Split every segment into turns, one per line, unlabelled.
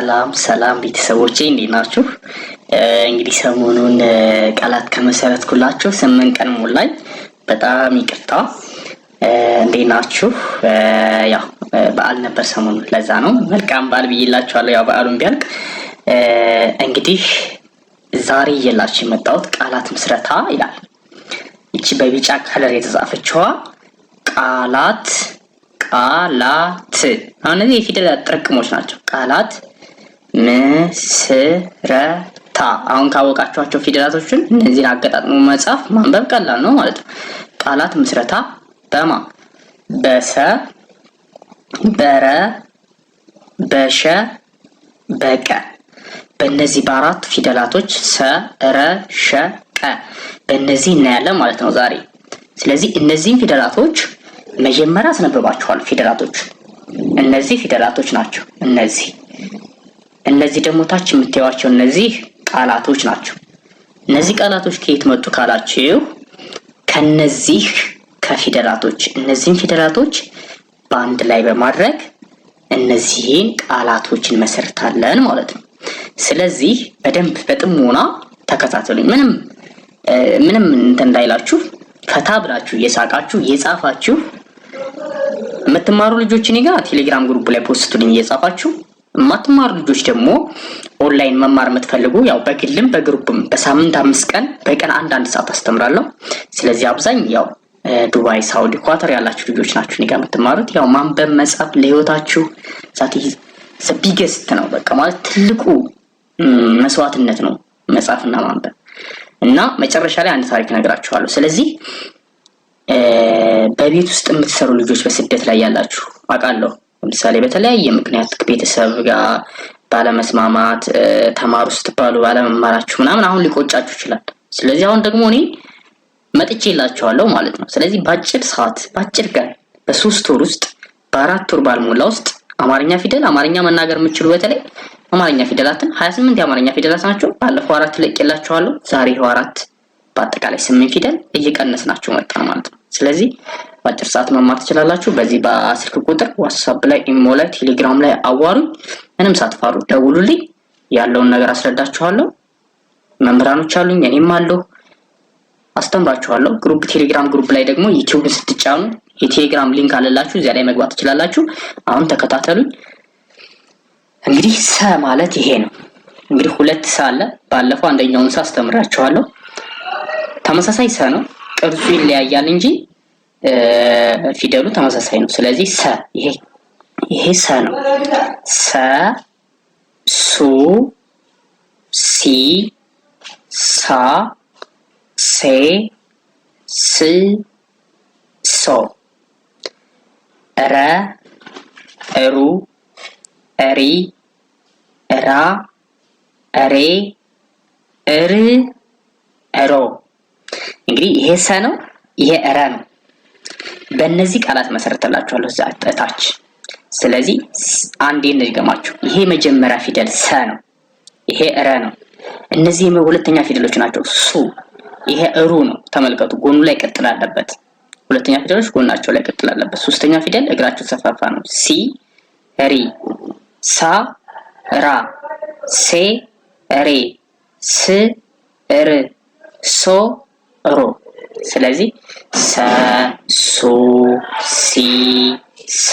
ሰላም ሰላም ቤተሰቦቼ እንዴት ናችሁ? እንግዲህ ሰሞኑን ቃላት ከመሰረትኩላችሁ ስምንት ቀን ሞላኝ። በጣም ይቅርታ። እንዴት ናችሁ? ያው በዓል ነበር ሰሞኑ ለዛ ነው መልካም በዓል ብዬላችኋለሁ። ያው በዓሉን ቢያልቅ እንግዲህ ዛሬ እየላችሁ የመጣሁት ቃላት ምስረታ ይላል። ይቺ በቢጫ ከለር የተጻፈችዋ ቃላት ቃላት አሁን እነዚህ የፊደል ጥርቅሞች ናቸው። ቃላት ምስረታ። አሁን ካወቃችኋቸው ፊደላቶችን እነዚህን አገጣጥሞ መጻፍ ማንበብ ቀላል ነው ማለት ነው። ቃላት ምስረታ በማ በሰ በረ በሸ በቀ በእነዚህ በአራት ፊደላቶች ሰ ረ ሸ ቀ በእነዚህ እናያለን ማለት ነው ዛሬ። ስለዚህ እነዚህን ፊደላቶች መጀመሪያ አስነብባችኋል። ፊደላቶች እነዚህ ፊደላቶች ናቸው እነዚህ እነዚህ ደግሞ ታች የምታዩዋቸው እነዚህ ቃላቶች ናቸው። እነዚህ ቃላቶች ከየት መጡ ካላችሁ ከነዚህ ከፊደላቶች እነዚህን ፊደላቶች በአንድ ላይ በማድረግ እነዚህን ቃላቶችን መሰርታለን ማለት ነው። ስለዚህ በደንብ በጥሞና ተከታተሉኝ። ምንም ምንም እንትን እንዳይላችሁ ፈታ ብላችሁ እየሳቃችሁ እየጻፋችሁ የምትማሩ ልጆች እኔ ጋር ቴሌግራም ግሩፕ ላይ ፖስቱልኝ እየጻፋችሁ የማትማሩ ልጆች ደግሞ ኦንላይን መማር የምትፈልጉ ያው በግልም በግሩፕም በሳምንት አምስት ቀን በቀን አንዳንድ ሰዓት አስተምራለሁ። ስለዚህ አብዛኝ ያው ዱባይ፣ ሳውዲ፣ ኳተር ያላችሁ ልጆች ናችሁ እኔ ጋር የምትማሩት። ያው ማንበብ መጻፍ ለህይወታችሁ ዛት ቢገስት ነው በቃ ማለት ትልቁ መስዋዕትነት ነው መጻፍና ማንበብ እና መጨረሻ ላይ አንድ ታሪክ ነግራችኋለሁ። ስለዚህ በቤት ውስጥ የምትሰሩ ልጆች በስደት ላይ ያላችሁ አውቃለሁ ለምሳሌ በተለያየ ምክንያት ቤተሰብ ጋር ባለመስማማት ተማሩ ስትባሉ ባለመማራችሁ ምናምን አሁን ሊቆጫችሁ ይችላል። ስለዚህ አሁን ደግሞ እኔ መጥቼ ላቸዋለው ማለት ነው። ስለዚህ በአጭር ሰዓት በአጭር ቀን በሶስት ወር ውስጥ በአራት ወር ባልሞላ ውስጥ አማርኛ ፊደል አማርኛ መናገር የምችሉ በተለይ አማርኛ ፊደላትን ሀያ ስምንት የአማርኛ ፊደላት ናቸው። ባለፈው አራት ለቄላቸዋለሁ። ዛሬ ይኸው አራት በአጠቃላይ ስምንት ፊደል እየቀነስ ናቸው መጣ ማለት ነው። ስለዚህ በአጭር ሰዓት መማር ትችላላችሁ። በዚህ በስልክ ቁጥር ዋትሳፕ ላይ፣ ኢሞ ላይ፣ ቴሌግራም ላይ አዋሩኝ። ምንም ሳትፋሩ ደውሉልኝ። ያለውን ነገር አስረዳችኋለሁ። መምህራኖች አሉኝ፣ እኔም አለሁ፣ አስተምራችኋለሁ። ግሩፕ ቴሌግራም ግሩፕ ላይ ደግሞ ዩቲዩብን ስትጫኑ የቴሌግራም ሊንክ አለላችሁ፣ እዚያ ላይ መግባት ትችላላችሁ። አሁን ተከታተሉኝ። እንግዲህ ሰ ማለት ይሄ ነው። እንግዲህ ሁለት ሰ አለ። ባለፈው አንደኛውን ሰ አስተምራችኋለሁ። ተመሳሳይ ሰ ነው፣ ቅርጹ ይለያያል እንጂ ፊደሉ ተመሳሳይ ነው። ስለዚህ ሰ ይሄ ይሄ ሰ ነው። ሰ ሱ ሲ ሳ ሴ ስ ሶ ረ ሩ ሪ ራ ሬ ር ሮ እንግዲህ ይሄ ሰ ነው። ይሄ ረ ነው። በእነዚህ ቃላት መሰረተላችኋለሁ እታች። ስለዚህ አንዴ እንደገማችሁ ይሄ መጀመሪያ ፊደል ሰ ነው። ይሄ እረ ነው። እነዚህ ሁለተኛ ፊደሎች ናቸው። ሱ ይሄ እሩ ነው። ተመልከቱ፣ ጎኑ ላይ ቅጥል አለበት። ሁለተኛ ፊደሎች ጎናቸው ላይ ቅጥል አለበት። ሶስተኛ ፊደል እግራቸው ሰፋፋ ነው። ሲ ሪ ሳ ራ ሴ ሬ ስ ር ሶ ሮ ስለዚህ ሰ፣ ሱ፣ ሲ፣ ሳ፣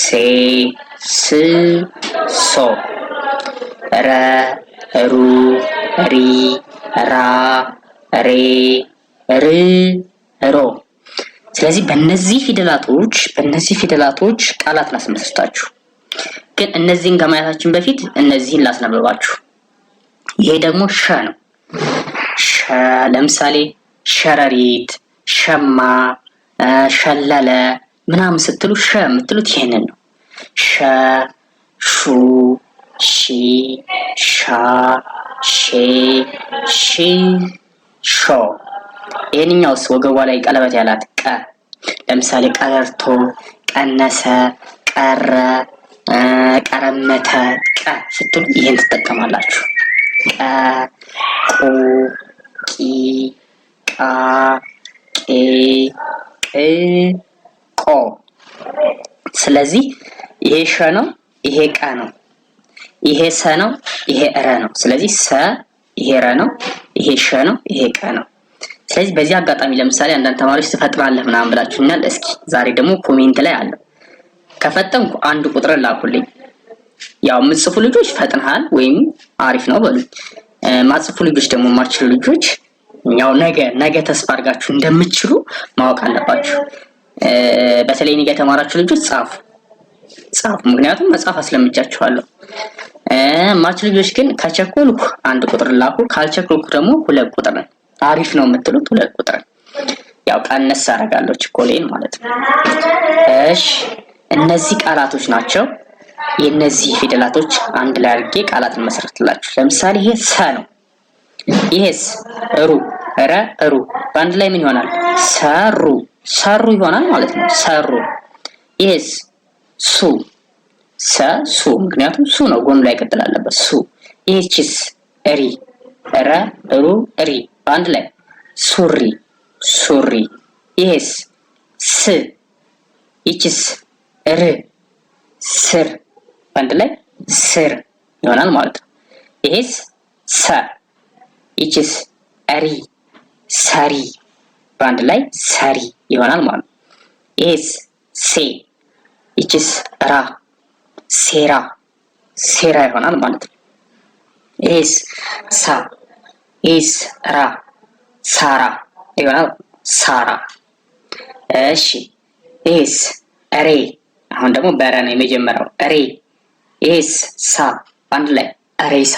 ሴ፣ ስ፣ ሶ፣ ረ፣ ሩ፣ ሪ፣ ራ፣ ሬ፣ ር፣ ሮ። ስለዚህ በእነዚህ ፊደላቶች በእነዚህ ፊደላቶች ቃላት ላስመስታችሁ። ግን እነዚህን ከማየታችን በፊት እነዚህን ላስነበባችሁ። ይሄ ደግሞ ሸ ነው። ሸ ለምሳሌ ሸረሪት፣ ሸማ፣ ሸለለ ምናምን ስትሉ ሸ የምትሉት ይሄንን ነው። ሸ፣ ሹ፣ ሺ፣ ሻ፣ ሼ፣ ሺ፣ ሾ። ይህንኛውስ ወገቧ ላይ ቀለበት ያላት ቀ ለምሳሌ ቀረርቶ፣ ቀነሰ፣ ቀረ፣ ቀረመተ ቀ ስትሉ ይህን ትጠቀማላችሁ። ቀ፣ ቁ ቄ ቅ ቆ ስለዚህ ይሄ ሸ ነው፣ ይሄ ቀ ነው፣ ይሄ ሰ ነው፣ ይሄ እረ ነው። ስለዚህ ሰ ይሄ ረ ነው፣ ይሄ ሸ ነው፣ ይሄ ቀ ነው። ስለዚህ በዚህ አጋጣሚ ለምሳሌ አንዳንድ ተማሪዎች ትፈጥናለህ ምናምን ብላችሁኛል። እስኪ ዛሬ ደግሞ ኮሜንት ላይ አለው። ከፈጠንኩ አንድ ቁጥርን ላኩልኝ። ያው የምጽፉ ልጆች ፈጥንሃል ወይም አሪፍ ነው በሉኝ። ማጽፉ ልጆች ደግሞ የማችሉ ልጆች ያው ነገ ነገ ተስፋ አድርጋችሁ እንደምትችሉ ማወቅ አለባችሁ። በተለይ ነገ የተማራችሁ ልጆች ጻፉ ጻፉ፣ ምክንያቱም መጻፍ አስለምጃችኋለሁ። ማች ልጆች ግን ከቸኮልኩ አንድ ቁጥር ላኩ፣ ካልቸኮልኩ ደግሞ ሁለት ቁጥር አሪፍ ነው የምትሉት ሁለት ቁጥር ያው ቀነስ አደርጋለሁ ችኮሌን ማለት ነው። እሺ እነዚህ ቃላቶች ናቸው። የእነዚህ ፊደላቶች አንድ ላይ አድርጌ ቃላትን መሰረትላችሁ። ለምሳሌ ይሄ ሰ ነው። ይሄስ ሩ ረ ሩ በአንድ ላይ ምን ይሆናል? ሰሩ ሰሩ ይሆናል ማለት ነው። ሰሩ ይሄስ ሱ ሰ ሱ ምክንያቱም ሱ ነው ጎኑ ላይ ቀጥል አለበት ሱ ይህቺስ ሪ ረ ሩ ሪ በአንድ ላይ ሱሪ ሱሪ ይሄስ ስ ይቺስ ር ስር በአንድ ላይ ስር ይሆናል ማለት ነው። ይሄስ ሰ ኢችስ ሪ ሰሪ በአንድ ላይ ሰሪ ይሆናል ማለት ነው። ኢስ ሴ ኢችስ ራ ሴራ ሴራ ይሆናል ማለት ነው። ኢስ ሳ ኢስ ራ ሳራ ይሆናል ሳራ። እሺ ኢስ ሬ አሁን ደግሞ በረ ነው የመጀመሪያው ሬ ኢስ ሳ በአንድ ላይ ሬሳ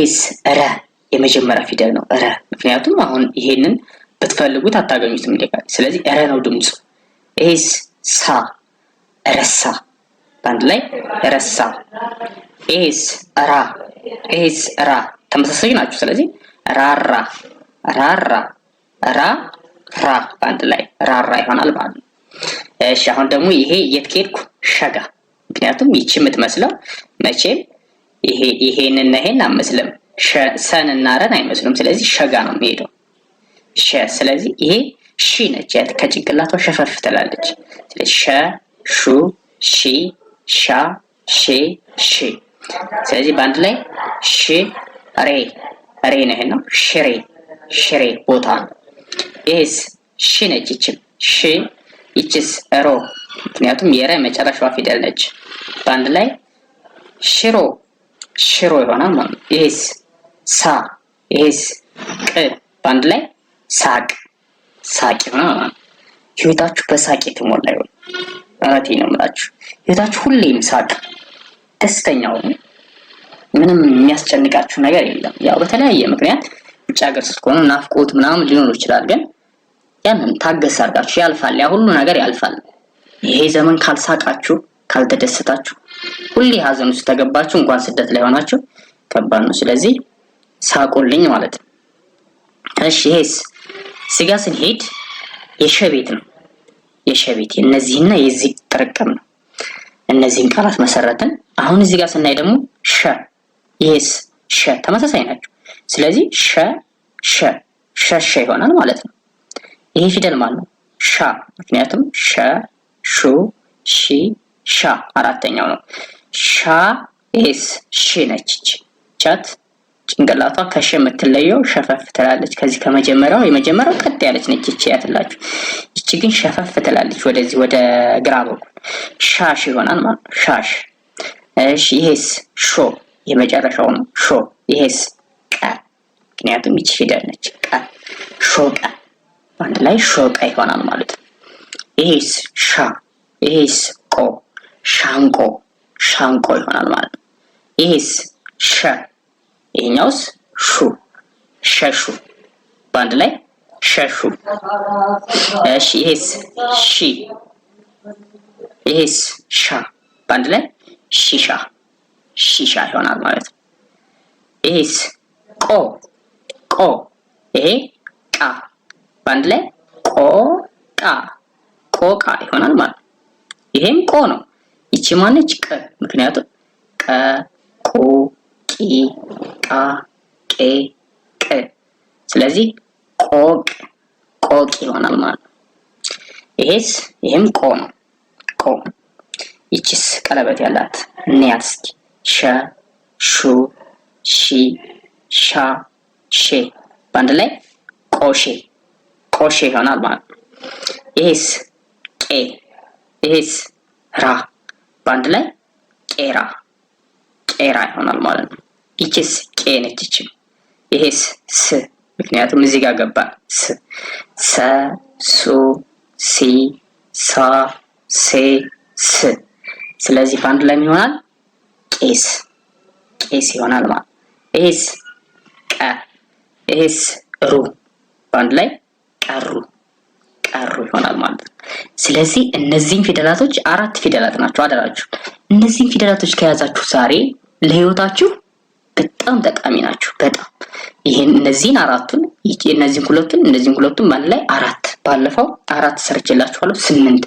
ኢስ ረ የመጀመሪያ ፊደል ነው ረ። ምክንያቱም አሁን ይሄንን ብትፈልጉት አታገኙትም ስለዚህ ረ ነው ድምፁ። ኤስ ሳ ረሳ፣ በአንድ ላይ ረሳ። ኤስ ራ ኤስ ራ ተመሳሳይ ናቸው። ስለዚህ ራራ ራራ ራ ራ በአንድ ላይ ራራ ይሆናል ማለት ነው። እሺ አሁን ደግሞ ይሄ የት ከሄድኩ ሸጋ። ምክንያቱም ይቺ የምትመስለው መቼም ይሄንና ይሄን አመስልም ሰን እና ረን አይመስሉም። ስለዚህ ሸጋ ነው የሚሄደው ሸ። ስለዚህ ይሄ ሺ ነች፣ ከጭንቅላቷ ሸፈፍ ትላለች። ስለዚህ ሸ፣ ሹ፣ ሺ፣ ሻ፣ ሼ፣ ሺ። ስለዚህ በአንድ ላይ ሺ ሬ ሬ ነው። ነው ሽሬ፣ ሽሬ ቦታ ነው። ሺ ነች፣ ይችም ሺ፣ ይችስ ሮ፣ ምክንያቱም የረ መጨረሻዋ ፊደል ነች። በአንድ ላይ ሽሮ፣ ሽሮ ይሆናል ማለት ነው። ሳ ይሄስ ቅ በአንድ ላይ ሳቅ ሳቂ ነው። ህይወታችሁ በሳቅ የተሞላ ይሆን። እውነቴን ነው የምላችሁ፣ ህይወታችሁ ሁሌም ሳቅ፣ ደስተኛው ምንም የሚያስጨንቃችሁ ነገር የለም። ያው በተለያየ ምክንያት ውጭ ሀገር ስትሆኑ ናፍቆት ምናምን ሊኖር ይችላል። ግን ያንን ታገስ አድርጋችሁ ያልፋል። ያ ሁሉ ነገር ያልፋል። ይሄ ዘመን ካልሳቃችሁ፣ ካልተደሰታችሁ፣ ሁሌ ሀዘን ውስጥ ተገባችሁ እንኳን ስደት ላይ ሆናችሁ ከባድ ነው። ስለዚህ ሳቁልኝ ማለት ነው። እሺ ይሄስ ስጋ ስንሄድ የሸቤት ነው። የሸቤት ቤት እነዚህና የዚህ ጥርቅም ነው። እነዚህን ቃላት መሰረትን። አሁን እዚህ ጋር ስናይ ደግሞ ሸ፣ ይሄስ ሸ ተመሳሳይ ናቸው። ስለዚህ ሸ ሸ ሸሸ ይሆናል ማለት ነው። ይሄ ፊደል ማለት ነው ሻ፣ ምክንያቱም ሸ ሹ ሺ ሻ አራተኛው ነው። ሻ ይሄስ ሺ ነች ቻት ጭንቅላቷ ከሸ የምትለየው ሸፈፍ ትላለች። ከዚህ ከመጀመሪያው የመጀመሪያው ቀጥ ያለች ነች። ይቺ ያትላችሁ፣ ይቺ ግን ሸፈፍ ትላለች። ወደዚህ ወደ ግራ በኩል ሻሽ ይሆናል ማለት ነው። ሻሽ። እሺ፣ ይሄስ ሾ፣ የመጨረሻው ነው ሾ። ይሄስ ቀ፣ ምክንያቱም ይቺ ፊደል ነች። ቀ፣ ሾ፣ ቀ፣ አንድ ላይ ሾ፣ ይሆናል ማለት ነው። ይሄስ ሻ፣ ይሄስ ቆ፣ ሻንቆ፣ ሻንቆ ይሆናል ማለት ነው። ይሄስ ሻ ይሄኛውስ ሹ ሸሹ በአንድ ላይ ሸሹ። እሺ ይሄስ ሺ ይሄስ ሻ በአንድ ላይ ሺሻ ሺሻ ይሆናል ማለት ነው። ይሄስ ቆ ቆ ይሄ ቃ በአንድ ላይ ቆ ቃ ቆቃ ይሆናል ማለት ነው። ይሄም ቆ ነው። ይቺ ማነች? ቀ ምክንያቱም ቀ፣ ቁ ቂ ቃ ቄ ቅ ስለዚህ ቆቅ ቆቅ ይሆናል ማለት ነው። ይሄስ ይህም ቆ ነው። ቆ ይቺስ ቀለበት ያላት እንያት እስኪ ሸ ሹ ሺ ሻ ሼ በአንድ ላይ ቆሼ ቆሼ ይሆናል ማለት ነው። ይሄስ ቄ ይሄስ ራ በአንድ ላይ ቄራ ቄራ ይሆናል ማለት ነው። ይችስ ቄ ነች። ይችም ይሄስ ስ ምክንያቱም እዚህ ጋር ገባ ስ ሰ ሱ ሲ ሳ ሴ ስ ስለዚህ በአንድ ላይ ይሆናል? ቄስ ቄስ ይሆናል ማለት ይሄስ ቀ ይሄስ ሩ በአንድ ላይ ቀሩ ቀሩ ይሆናል ማለት ነው። ስለዚህ እነዚህን ፊደላቶች አራት ፊደላት ናቸው። አደራችሁ እነዚህን ፊደላቶች ከያዛችሁ ዛሬ ለህይወታችሁ በጣም ጠቃሚ ናቸው። በጣም ይህን እነዚህን አራቱን እነዚህን ሁለቱን እነዚህን ሁለቱን በአንድ ላይ አራት ባለፈው አራት ሰርችላችኋለሁ። ስምንት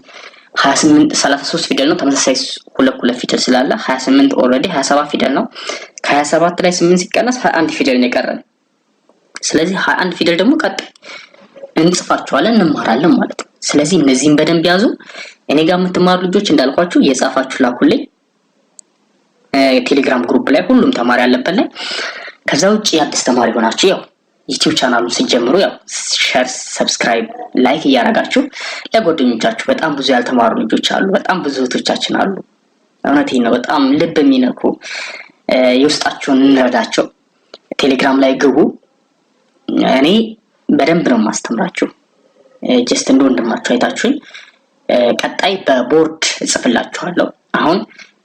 ሀያ ስምንት ሰላሳ ሶስት ፊደል ነው። ተመሳሳይ ሁለት ሁለት ፊደል ስላለ ሀያ ስምንት ኦልሬዲ ሀያ ሰባት ፊደል ነው። ከሀያ ሰባት ላይ ስምንት ሲቀነስ ሀያ አንድ ፊደል ነው የቀረን። ስለዚህ ሀያ አንድ ፊደል ደግሞ ቀጣይ እንጽፋቸዋለን እንማራለን ማለት ነው። ስለዚህ እነዚህን በደንብ ያዙ። እኔ ጋር የምትማሩ ልጆች እንዳልኳችሁ የጻፋችሁ ላኩልኝ። የቴሌግራም ግሩፕ ላይ ሁሉም ተማሪ ያለበት ላይ። ከዛ ውጭ አዲስ ተማሪ ሆናችሁ ያው ዩቲዩብ ቻናሉን ስትጀምሩ ያው ሸር፣ ሰብስክራይብ፣ ላይክ እያደረጋችሁ ለጓደኞቻችሁ በጣም ብዙ ያልተማሩ ልጆች አሉ። በጣም ብዙ እህቶቻችን አሉ። እውነት ነው። በጣም ልብ የሚነኩ የውስጣችሁን እንረዳቸው። ቴሌግራም ላይ ግቡ። እኔ በደንብ ነው የማስተምራችሁ። ጀስት እንደ ወንድማችሁ አይታችሁኝ። ቀጣይ በቦርድ እጽፍላችኋለሁ አሁን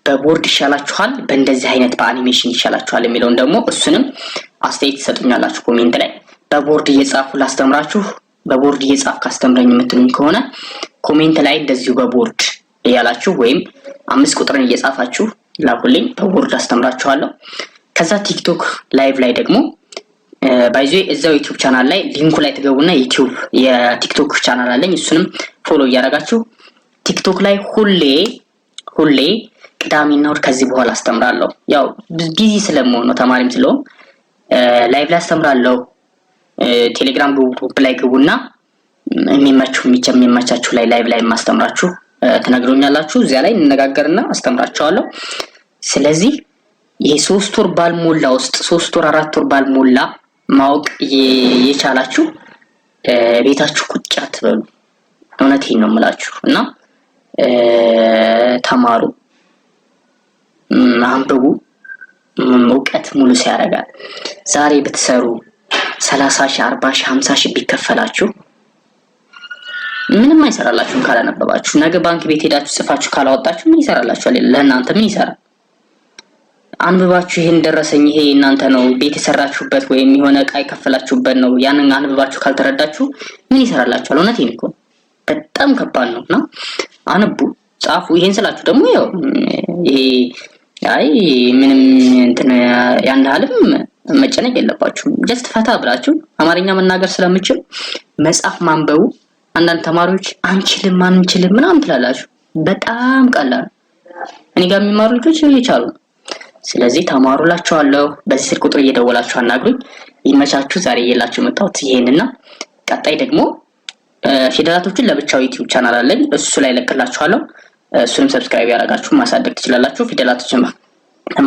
በቦርድ ይሻላችኋል፣ በእንደዚህ አይነት በአኒሜሽን ይሻላችኋል የሚለውን ደግሞ እሱንም አስተያየት ትሰጡኛላችሁ ኮሜንት ላይ። በቦርድ እየጻፉ ላስተምራችሁ፣ በቦርድ እየጻፍ ካስተምረኝ የምትሉኝ ከሆነ ኮሜንት ላይ እንደዚሁ በቦርድ እያላችሁ ወይም አምስት ቁጥርን እየጻፋችሁ ላኩልኝ፣ በቦርድ አስተምራችኋለሁ። ከዛ ቲክቶክ ላይቭ ላይ ደግሞ ባይዞ እዛው ዩቲዩብ ቻናል ላይ ሊንኩ ላይ ትገቡና ዩቲዩብ የቲክቶክ ቻናል አለኝ። እሱንም ፎሎ እያደረጋችሁ ቲክቶክ ላይ ሁሌ ሁሌ ቅዳሜና እሑድ ከዚህ በኋላ አስተምራለሁ። ያው ቢዚ ስለመሆን ነው ተማሪም ስለሆን ላይቭ ላይ አስተምራለሁ። ቴሌግራም ግሩፕ ላይ ግቡና የሚመችሁ የሚመቻችሁ ላይ ላይቭ ላይ የማስተምራችሁ ትነግሮኛላችሁ። እዚያ ላይ እንነጋገርና አስተምራችኋለሁ። ስለዚህ ይሄ ሶስት ወር ባልሞላ ውስጥ ሶስት ወር አራት ወር ባልሞላ ማወቅ የቻላችሁ ቤታችሁ ቁጭ አትበሉ። እውነቴን ነው የምላችሁ እና ተማሩ። ማንበቡ እውቀት ሙሉ ሲያደርጋል። ዛሬ ብትሰሩ ሰላሳ ሺህ አርባ ሺህ ሀምሳ ሺህ ቢከፈላችሁ ምንም አይሰራላችሁም ካላነበባችሁ። ነገ ባንክ ቤት ሄዳችሁ ጽፋችሁ ካላወጣችሁ ምን ይሰራላችኋል? ለእናንተ ምን ይሰራል? አንብባችሁ ይሄን ደረሰኝ ይሄ እናንተ ነው ቤት የሰራችሁበት ወይም የሆነ እቃ የከፈላችሁበት ነው። ያንን አንብባችሁ ካልተረዳችሁ ምን ይሰራላችኋል? እውነቴን እኮ በጣም ከባድ ነው እና አንቡ፣ ጻፉ። ይሄን ስላችሁ ደግሞ ይሄ አይ ምንም እንትን ያን ያህልም መጨነቅ የለባችሁም። ጀስት ፈታ ብላችሁ አማርኛ መናገር ስለምችል መጽሐፍ ማንበቡ አንዳንድ ተማሪዎች አንችልም አንችልም ምናምን ትላላችሁ። በጣም ቀላል እኔ ጋር የሚማሩ ልጆች እየቻሉ ነው። ስለዚህ ተማሩላችኋለሁ። በዚህ ስልክ ቁጥር እየደወላችሁ አናግሩኝ። ይመቻችሁ። ዛሬ እየላችሁ መጣሁት ይሄንና ቀጣይ ደግሞ ፊደላቶችን ለብቻው ዩቲዩብ ቻናል አለኝ እሱ ላይ ለቅላችኋለሁ። እሱንም ሰብስክራይብ ያደረጋችሁ ማሳደግ ትችላላችሁ። ፊደላቶችን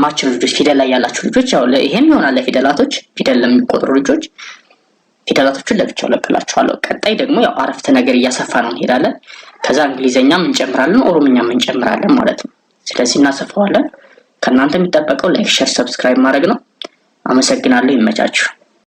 ማችሉ ልጆች ፊደል ላይ ያላችሁ ልጆች ያው ይሄም ይሆናል። ለፊደላቶች ፊደል ለሚቆጥሩ ልጆች ፊደላቶቹን ለብቻው ለቅላችኋለሁ። ቀጣይ ደግሞ ያው አረፍተ ነገር እያሰፋ ነው እንሄዳለን። ከዛ እንግሊዘኛም እንጨምራለን፣ ኦሮምኛም እንጨምራለን ማለት ነው። ስለዚህ እናሰፋዋለን። ከእናንተ የሚጠበቀው ላይክ፣ ሸር፣ ሰብስክራይብ ማድረግ ነው። አመሰግናለሁ። ይመቻችሁ።